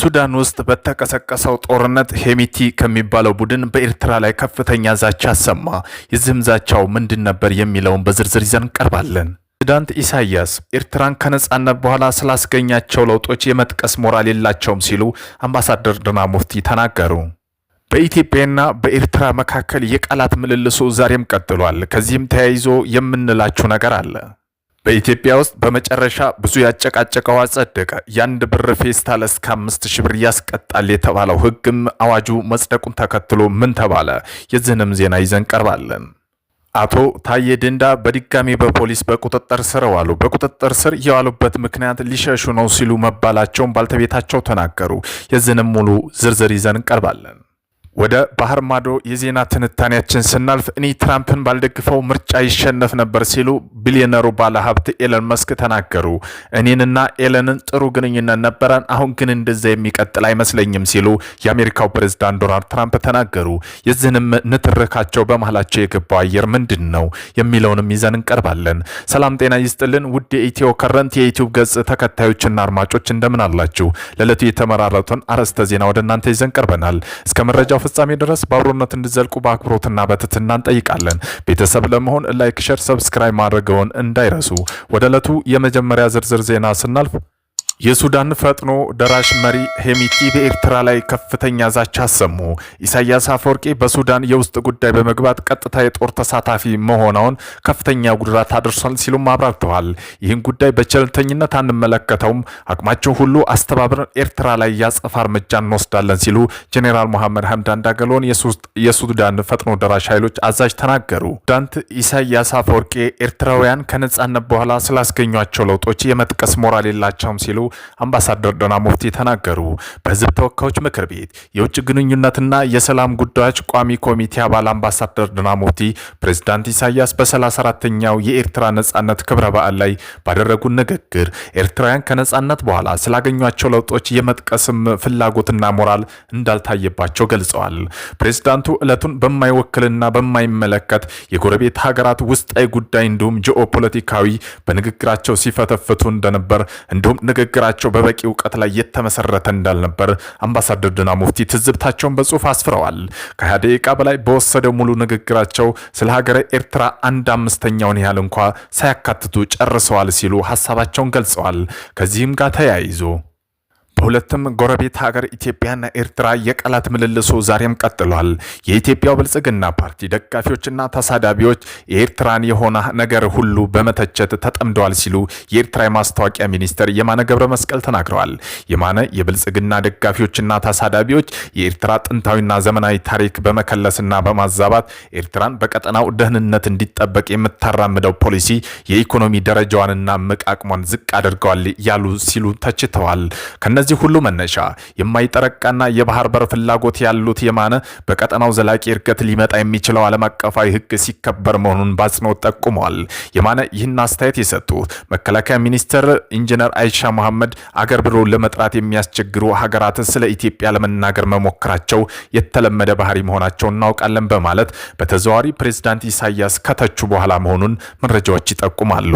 በሱዳን ውስጥ በተቀሰቀሰው ጦርነት ሄሚቲ ከሚባለው ቡድን በኤርትራ ላይ ከፍተኛ ዛቻ አሰማ። የዚህም ዛቻው ምንድን ነበር የሚለውን በዝርዝር ይዘን ቀርባለን። ፕሬዚዳንት ኢሳያስ ኤርትራን ከነጻነት በኋላ ስላስገኛቸው ለውጦች የመጥቀስ ሞራል የላቸውም ሲሉ አምባሳደር ድና ሙፍቲ ተናገሩ። በኢትዮጵያና በኤርትራ መካከል የቃላት ምልልሱ ዛሬም ቀጥሏል። ከዚህም ተያይዞ የምንላችሁ ነገር አለ በኢትዮጵያ ውስጥ በመጨረሻ ብዙ ያጨቃጨቀው አጸደቀ። የአንድ ብር ፌስታል እስከ አምስት ሺህ ብር ያስቀጣል የተባለው ህግም አዋጁ መጽደቁን ተከትሎ ምን ተባለ? የዚህንም ዜና ይዘን ቀርባለን። አቶ ታዬ ድንዳ በድጋሚ በፖሊስ በቁጥጥር ስር ዋሉ። በቁጥጥር ስር የዋሉበት ምክንያት ሊሸሹ ነው ሲሉ መባላቸውን ባልተቤታቸው ተናገሩ። የዚህንም ሙሉ ዝርዝር ይዘን እንቀርባለን። ወደ ባህር ማዶ የዜና ትንታኔያችን ስናልፍ እኔ ትራምፕን ባልደግፈው ምርጫ ይሸነፍ ነበር ሲሉ ቢሊዮነሩ ባለሀብት ኤለን መስክ ተናገሩ። እኔንና ኤለንን ጥሩ ግንኙነት ነበረን፣ አሁን ግን እንደዛ የሚቀጥል አይመስለኝም ሲሉ የአሜሪካው ፕሬዝዳንት ዶናልድ ትራምፕ ተናገሩ። የዚህንም ንትርካቸው በመሀላቸው የገባው አየር ምንድን ነው የሚለውንም ይዘን እንቀርባለን። ሰላም ጤና ይስጥልን ውድ የኢትዮ ከረንት የዩቲዩብ ገጽ ተከታዮችና አድማጮች እንደምን አላችሁ? ለዕለቱ የተመራረጡን አርዕስተ ዜና ወደ እናንተ ይዘን ቀርበናል። እስከ መረጃው ፍጻሜ ድረስ በአብሮነት እንዲዘልቁ በአክብሮትና በትትና እንጠይቃለን። ቤተሰብ ለመሆን ላይክ፣ ሸር፣ ሰብስክራይብ ማድረገውን እንዳይረሱ። ወደ ዕለቱ የመጀመሪያ ዝርዝር ዜና ስናልፍ የሱዳን ፈጥኖ ደራሽ መሪ ሄሚቲ በኤርትራ ላይ ከፍተኛ ዛቻ አሰሙ። ኢሳያስ አፈወርቂ በሱዳን የውስጥ ጉዳይ በመግባት ቀጥታ የጦር ተሳታፊ መሆናውን ከፍተኛ ጉድራት አድርሷል ሲሉም አብራርተዋል። ይህን ጉዳይ በቸልተኝነት አንመለከተውም፣ አቅማቸው ሁሉ አስተባብረን ኤርትራ ላይ ያጸፋ እርምጃ እንወስዳለን ሲሉ ጄኔራል መሐመድ ሀምዳን ዳገሎን የሱዳን ፈጥኖ ደራሽ ኃይሎች አዛዥ ተናገሩ። ዳንት ኢሳያስ አፈወርቂ ኤርትራውያን ከነጻነት በኋላ ስላስገኟቸው ለውጦች የመጥቀስ ሞራል የላቸውም ሲሉ አምባሳደር ዶና ሙፍቲ ተናገሩ። በህዝብ ተወካዮች ምክር ቤት የውጭ ግንኙነትና የሰላም ጉዳዮች ቋሚ ኮሚቴ አባል አምባሳደር ዶና ሙፍቲ ፕሬዝዳንት ኢሳያስ በ34ተኛው የኤርትራ ነጻነት ክብረ በዓል ላይ ባደረጉ ንግግር ኤርትራውያን ከነጻነት በኋላ ስላገኟቸው ለውጦች የመጥቀስም ፍላጎትና ሞራል እንዳልታየባቸው ገልጸዋል። ፕሬዝዳንቱ ዕለቱን በማይወክልና በማይመለከት የጎረቤት ሀገራት ውስጣዊ ጉዳይ እንዲሁም ጂኦፖለቲካዊ በንግግራቸው ሲፈተፍቱ እንደነበር እንዲሁም ንግግር ንግግራቸው በበቂ እውቀት ላይ የተመሰረተ እንዳልነበር አምባሳደር ዲና ሙፍቲ ትዝብታቸውን በጽሁፍ አስፍረዋል። ከሀያ ደቂቃ በላይ በወሰደው ሙሉ ንግግራቸው ስለ ሀገረ ኤርትራ አንድ አምስተኛውን ያህል እንኳ ሳያካትቱ ጨርሰዋል ሲሉ ሀሳባቸውን ገልጸዋል። ከዚህም ጋር ተያይዞ በሁለትም ጎረቤት ሀገር ኢትዮጵያና ኤርትራ የቃላት ምልልሱ ዛሬም ቀጥሏል። የኢትዮጵያው ብልጽግና ፓርቲ ደጋፊዎችና ታሳዳቢዎች የኤርትራን የሆነ ነገር ሁሉ በመተቸት ተጠምደዋል ሲሉ የኤርትራ የማስታወቂያ ሚኒስትር የማነ ገብረ መስቀል ተናግረዋል። የማነ የብልጽግና ደጋፊዎችና ታሳዳቢዎች የኤርትራ ጥንታዊና ዘመናዊ ታሪክ በመከለስና በማዛባት ኤርትራን በቀጠናው ደህንነት እንዲጠበቅ የምታራምደው ፖሊሲ የኢኮኖሚ ደረጃዋንና ምቃቅሟን ዝቅ አድርገዋል ያሉ ሲሉ ተችተዋል። ከነዚህ ለዚህ ሁሉ መነሻ የማይጠረቃና የባህር በር ፍላጎት ያሉት የማነ በቀጠናው ዘላቂ እድገት ሊመጣ የሚችለው ዓለም አቀፋዊ ሕግ ሲከበር መሆኑን በአጽንኦት ጠቁመዋል። የማነ ይህን አስተያየት የሰጡት መከላከያ ሚኒስትር ኢንጂነር አይሻ መሐመድ አገር ብሎ ለመጥራት የሚያስቸግሩ ሀገራት ስለ ኢትዮጵያ ለመናገር መሞከራቸው የተለመደ ባህሪ መሆናቸው እናውቃለን በማለት በተዘዋዋሪ ፕሬዝዳንት ኢሳያስ ከተቹ በኋላ መሆኑን መረጃዎች ይጠቁማሉ።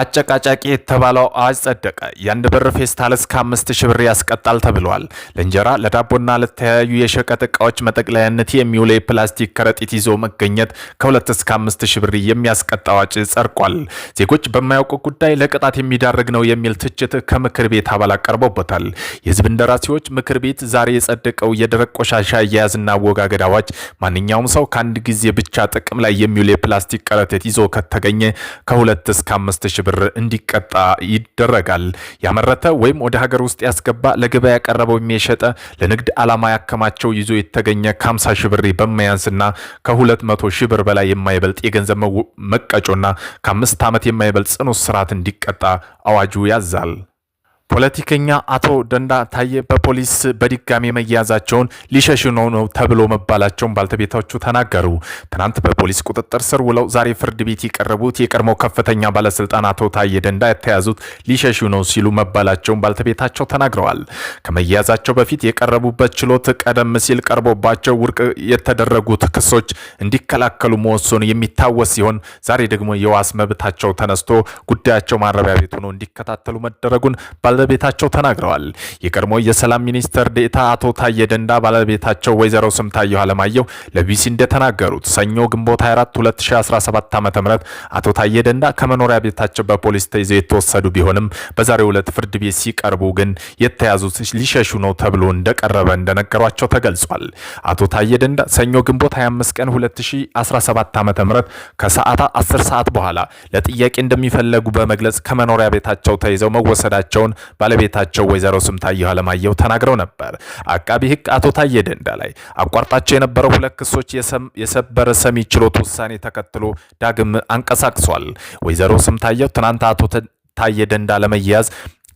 አጨቃጫቂ የተባለው አዋጅ ጸደቀ። የአንድ ብር ፌስታል እስከ አምስት ሺህ ብር ያስቀጣል ተብሏል። ለእንጀራ ለዳቦና ለተለያዩ የሸቀጥ እቃዎች መጠቅለያነት የሚውል የፕላስቲክ ከረጢት ይዞ መገኘት ከሁለት እስከ አምስት ሺህ ብር የሚያስቀጣ አዋጅ ጸድቋል። ዜጎች በማያውቁ ጉዳይ ለቅጣት የሚዳርግ ነው የሚል ትችት ከምክር ቤት አባላት ቀርቦበታል። የህዝብ እንደራሴዎች ምክር ቤት ዛሬ የጸደቀው የደረቅ ቆሻሻ አያያዝና አወጋገድ አዋጅ ማንኛውም ሰው ከአንድ ጊዜ ብቻ ጥቅም ላይ የሚውል የፕላስቲክ ከረጢት ይዞ ከተገኘ ከሁለት እስከ አምስት ሺህ ብር እንዲቀጣ ይደረጋል። ያመረተ ወይም ወደ ሀገር ውስጥ ያስገባ፣ ለገበያ ያቀረበው የሚሸጠ ለንግድ ዓላማ ያከማቸው ይዞ የተገኘ ከ50 ሺህ ብር በማያንስና ከ200 ሺህ ብር በላይ የማይበልጥ የገንዘብ መቀጮና ከአምስት ዓመት የማይበልጥ ጽኑ እስራት እንዲቀጣ አዋጁ ያዛል። ፖለቲከኛ አቶ ደንዳ ታዬ በፖሊስ በድጋሚ መያዛቸውን ሊሸሹ ነው ነው ተብሎ መባላቸውን ባልተቤታቹ ተናገሩ። ትናንት በፖሊስ ቁጥጥር ስር ውለው ዛሬ ፍርድ ቤት የቀረቡት የቀድሞ ከፍተኛ ባለስልጣን አቶ ታዬ ደንዳ የተያዙት ሊሸሹ ነው ሲሉ መባላቸውን ባልተቤታቸው ተናግረዋል። ከመያዛቸው በፊት የቀረቡበት ችሎት ቀደም ሲል ቀርቦባቸው ውድቅ የተደረጉት ክሶች እንዲከላከሉ መወሰኑ የሚታወስ ሲሆን ዛሬ ደግሞ የዋስ መብታቸው ተነስቶ ጉዳያቸው ማረቢያ ቤት ሆኖ እንዲከታተሉ መደረጉን ባለቤታቸው ተናግረዋል። የቀድሞ የሰላም ሚኒስትር ዴታ አቶ ታየ ደንዳ ባለቤታቸው ወይዘሮ ስምታየሁ አለማየሁ ለቢሲ እንደተናገሩት ሰኞ ግንቦት 24 2017 ዓ ም አቶ ታየ ደንዳ ከመኖሪያ ቤታቸው በፖሊስ ተይዘው የተወሰዱ ቢሆንም በዛሬው ዕለት ፍርድ ቤት ሲቀርቡ ግን የተያዙት ሊሸሹ ነው ተብሎ እንደቀረበ እንደነገሯቸው ተገልጿል። አቶ ታየ ደንዳ ሰኞ ግንቦት 25 ቀን 2017 ዓ ም ከሰዓታ 10 ሰዓት በኋላ ለጥያቄ እንደሚፈለጉ በመግለጽ ከመኖሪያ ቤታቸው ተይዘው መወሰዳቸውን ባለቤታቸው ወይዘሮ ስምታየሁ አለማየሁ ተናግረው ነበር። አቃቢ ህግ አቶ ታዬ ደንዳ ላይ አቋርጣቸው የነበረው ሁለት ክሶች የሰበር ሰሚ ችሎት ውሳኔ ተከትሎ ዳግም አንቀሳቅሷል። ወይዘሮ ስምታየሁ ትናንት አቶ ታዬ ደንዳ ለመያዝ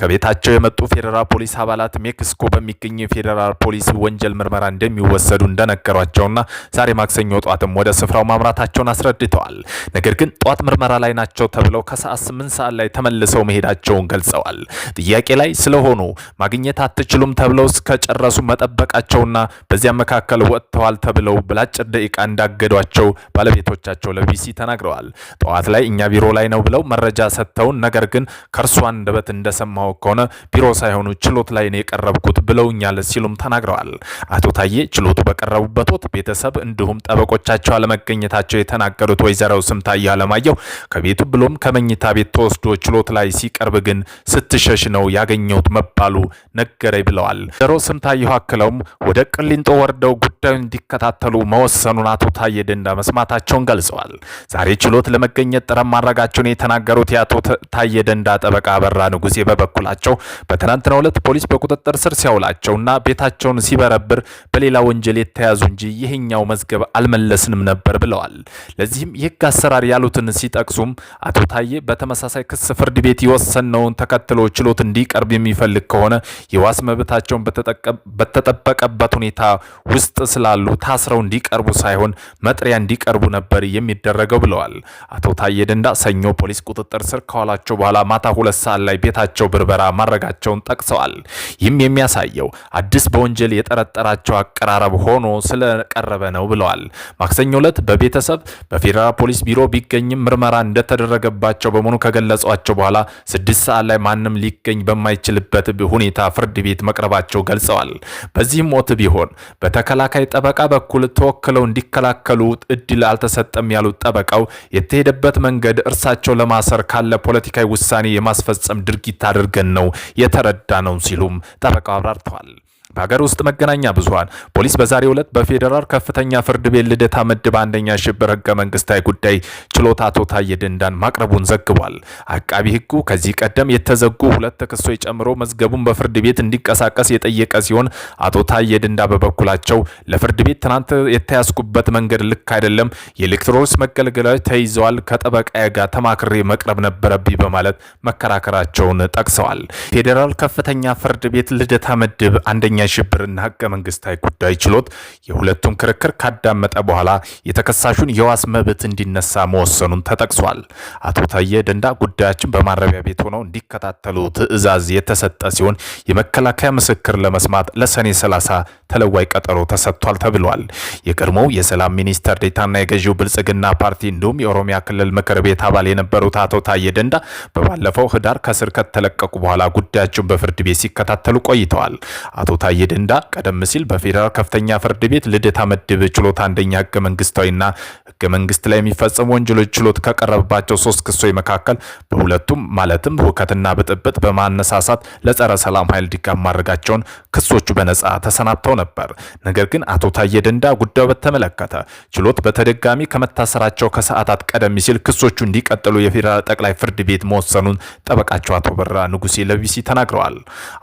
ከቤታቸው የመጡ ፌዴራል ፖሊስ አባላት ሜክሲኮ በሚገኘው የፌዴራል ፖሊስ ወንጀል ምርመራ እንደሚወሰዱ እንደነገሯቸውና ዛሬ ማክሰኞ ጧትም ወደ ስፍራው ማምራታቸውን አስረድተዋል። ነገር ግን ጧት ምርመራ ላይ ናቸው ተብለው ከሰዓት ስምንት ሰዓት ላይ ተመልሰው መሄዳቸውን ገልጸዋል። ጥያቄ ላይ ስለሆኑ ማግኘት አትችሉም ተብለው እስከጨረሱ መጠበቃቸውና በዚያ መካከል ወጥተዋል ተብለው በአጭር ደቂቃ እንዳገዷቸው ባለቤቶቻቸው ለቢቢሲ ተናግረዋል። ጠዋት ላይ እኛ ቢሮ ላይ ነው ብለው መረጃ ሰጥተውን ነገር ግን ከእርሷ አንደበት እንደሰማ እንደሰማው ከሆነ ቢሮ ሳይሆኑ ችሎት ላይ ነው የቀረብኩት ብለውኛል ሲሉም ተናግረዋል። አቶ ታዬ ችሎቱ በቀረቡበት ወቅት ቤተሰብ እንዲሁም ጠበቆቻቸው አለመገኘታቸው የተናገሩት ወይዘሮ ስንታየሁ አለማየሁ ከቤቱ ብሎም ከመኝታ ቤት ተወስዶ ችሎት ላይ ሲቀርብ ግን ስትሸሽ ነው ያገኘሁት መባሉ ነገረኝ ብለዋል። ወይዘሮ ስንታየሁ አክለውም ወደ ቅሊንጦ ወርደው ጉዳዩን እንዲከታተሉ መወሰኑን አቶ ታዬ ደንዳ መስማታቸውን ገልጸዋል። ዛሬ ችሎት ለመገኘት ጥረት ማድረጋቸውን የተናገሩት የአቶ ታዬ ደንዳ ጠበቃ አበራ ንጉሴ በበኩ በበኩላቸው በትናንትናው ዕለት ፖሊስ በቁጥጥር ስር ሲያውላቸውና ቤታቸውን ሲበረብር በሌላ ወንጀል የተያዙ እንጂ ይህኛው መዝገብ አልመለስንም ነበር ብለዋል። ለዚህም የህግ አሰራር ያሉትን ሲጠቅሱም አቶ ታዬ በተመሳሳይ ክስ ፍርድ ቤት የወሰነውን ተከትሎ ችሎት እንዲቀርብ የሚፈልግ ከሆነ የዋስ መብታቸውን በተጠበቀበት ሁኔታ ውስጥ ስላሉ ታስረው እንዲቀርቡ ሳይሆን መጥሪያ እንዲቀርቡ ነበር የሚደረገው ብለዋል። አቶ ታዬ ደንዳ ሰኞ ፖሊስ ቁጥጥር ስር ከዋላቸው በኋላ ማታ ሁለት ሰዓት ላይ ቤታቸው ምርመራ ማድረጋቸውን ጠቅሰዋል። ይህም የሚያሳየው አዲስ በወንጀል የጠረጠራቸው አቀራረብ ሆኖ ስለቀረበ ነው ብለዋል። ማክሰኞ ዕለት በቤተሰብ በፌዴራል ፖሊስ ቢሮ ቢገኝም ምርመራ እንደተደረገባቸው በመሆኑ ከገለጿቸው በኋላ ስድስት ሰዓት ላይ ማንም ሊገኝ በማይችልበት ሁኔታ ፍርድ ቤት መቅረባቸው ገልጸዋል። በዚህም ሞት ቢሆን በተከላካይ ጠበቃ በኩል ተወክለው እንዲከላከሉ እድል አልተሰጠም ያሉት ጠበቃው የተሄደበት መንገድ እርሳቸው ለማሰር ካለ ፖለቲካዊ ውሳኔ የማስፈጸም ድርጊት አድርገው አድርገን ነው የተረዳ ነው ሲሉም ጠበቃው አብራርተዋል። በሀገር ውስጥ መገናኛ ብዙሃን ፖሊስ በዛሬው ዕለት በፌዴራል ከፍተኛ ፍርድ ቤት ልደታ ምድብ አንደኛ ሽብር ህገ መንግስታዊ ጉዳይ ችሎት አቶ ታዬ ደንዳን ማቅረቡን ዘግቧል። አቃቢ ህጉ ከዚህ ቀደም የተዘጉ ሁለት ክሶች ጨምሮ መዝገቡን በፍርድ ቤት እንዲቀሳቀስ የጠየቀ ሲሆን አቶ ታዬ ደንዳ በበኩላቸው ለፍርድ ቤት ትናንት የተያዝኩበት መንገድ ልክ አይደለም፣ የኤሌክትሮኒክስ መገልገያዎች ተይዘዋል፣ ከጠበቃዬ ጋር ተማክሬ መቅረብ ነበረብኝ በማለት መከራከራቸውን ጠቅሰዋል። ፌዴራል ከፍተኛ ፍርድ ቤት ልደታ ምድብ አንደኛ ሽብርና ህገ መንግስታዊ ጉዳይ ችሎት የሁለቱም ክርክር ካዳመጠ በኋላ የተከሳሹን የዋስ መብት እንዲነሳ መወሰኑን ተጠቅሷል። አቶ ታዬ ደንዳ ጉዳያችን በማረቢያ ቤት ሆነው እንዲከታተሉ ትዕዛዝ የተሰጠ ሲሆን የመከላከያ ምስክር ለመስማት ለሰኔ 30 ተለዋይ ቀጠሮ ተሰጥቷል ተብሏል። የቀድሞው የሰላም ሚኒስተር ዴታና የገዢው ብልጽግና ፓርቲ እንዲሁም የኦሮሚያ ክልል ምክር ቤት አባል የነበሩት አቶ ታዬ ደንዳ በባለፈው ህዳር ከስር ከተለቀቁ በኋላ ጉዳያቸውን በፍርድ ቤት ሲከታተሉ ቆይተዋል። አቶ ታዬ ደንዳ ቀደም ሲል በፌዴራል ከፍተኛ ፍርድ ቤት ልደታ ምድብ ችሎት አንደኛ ህገ መንግስታዊና ህገ መንግስት ላይ የሚፈጸሙ ወንጀሎች ችሎት ከቀረበባቸው ሶስት ክሶች መካከል በሁለቱም ማለትም ሁከትና ብጥብጥ በማነሳሳት ለጸረ ሰላም ኃይል ድጋፍ ማድረጋቸውን ክሶቹ በነጻ ተሰናብተው ነበር። ነገር ግን አቶ ታዬ ደንዳ ጉዳዩ በተመለከተ ችሎት በተደጋሚ ከመታሰራቸው ከሰዓታት ቀደም ሲል ክሶቹ እንዲቀጥሉ የፌዴራል ጠቅላይ ፍርድ ቤት መወሰኑን ጠበቃቸው አቶ በራ ንጉሴ ለቢሲ ተናግረዋል።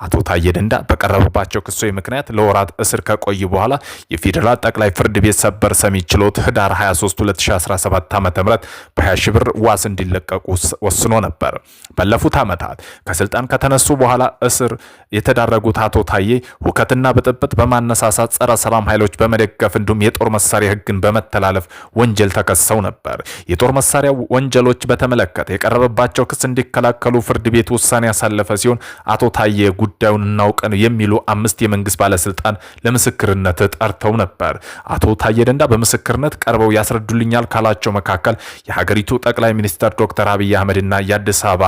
አቶ ታዬ ደንዳ በቀረበባቸው ክሶ በአስቻይ ምክንያት ለወራት እስር ከቆይ በኋላ የፌዴራል ጠቅላይ ፍርድ ቤት ሰበር ሰሚ ችሎት ህዳር 23 2017 ዓ ም በ20 ሺህ ብር ዋስ እንዲለቀቁ ወስኖ ነበር። ባለፉት ዓመታት ከስልጣን ከተነሱ በኋላ እስር የተዳረጉት አቶ ታዬ ሁከትና ብጥብጥ በማነሳሳት ጸረ ሰላም ኃይሎች በመደገፍ እንዲሁም የጦር መሳሪያ ህግን በመተላለፍ ወንጀል ተከሰው ነበር። የጦር መሳሪያ ወንጀሎች በተመለከተ የቀረበባቸው ክስ እንዲከላከሉ ፍርድ ቤት ውሳኔ ያሳለፈ ሲሆን አቶ ታዬ ጉዳዩን እናውቀን የሚሉ አምስት የመንግስት ባለስልጣን ለምስክርነት ጠርተው ነበር። አቶ ታዬ ደንዳ በምስክርነት ቀርበው ያስረዱልኛል ካላቸው መካከል የሀገሪቱ ጠቅላይ ሚኒስትር ዶክተር አብይ አህመድና የአዲስ አበባ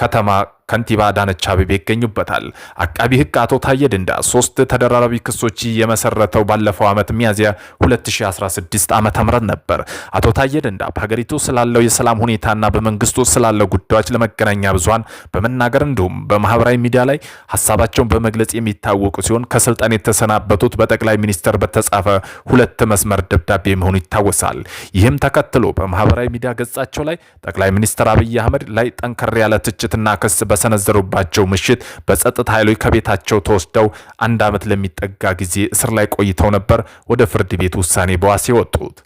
ከተማ ከንቲባ አዳነች አቤቤ ይገኙበታል። አቃቢ ህግ አቶ ታየ ደንዳ ሶስት ተደራራቢ ክሶች የመሰረተው ባለፈው ዓመት ሚያዝያ 2016 ዓ ም ነበር። አቶ ታየ ደንዳ በሀገሪቱ ስላለው የሰላም ሁኔታና በመንግስቱ ስላለው ጉዳዮች ለመገናኛ ብዙሃን በመናገር እንዲሁም በማህበራዊ ሚዲያ ላይ ሀሳባቸውን በመግለጽ የሚታወቁ ሲሆን ከስልጣን የተሰናበቱት በጠቅላይ ሚኒስትር በተጻፈ ሁለት መስመር ደብዳቤ መሆኑ ይታወሳል። ይህም ተከትሎ በማህበራዊ ሚዲያ ገጻቸው ላይ ጠቅላይ ሚኒስትር አብይ አህመድ ላይ ጠንከር ያለ ትችትና ክስ በ በሰነዘሩባቸው ምሽት በጸጥታ ኃይሎች ከቤታቸው ተወስደው አንድ ዓመት ለሚጠጋ ጊዜ እስር ላይ ቆይተው ነበር ወደ ፍርድ ቤት ውሳኔ በዋስ የወጡት።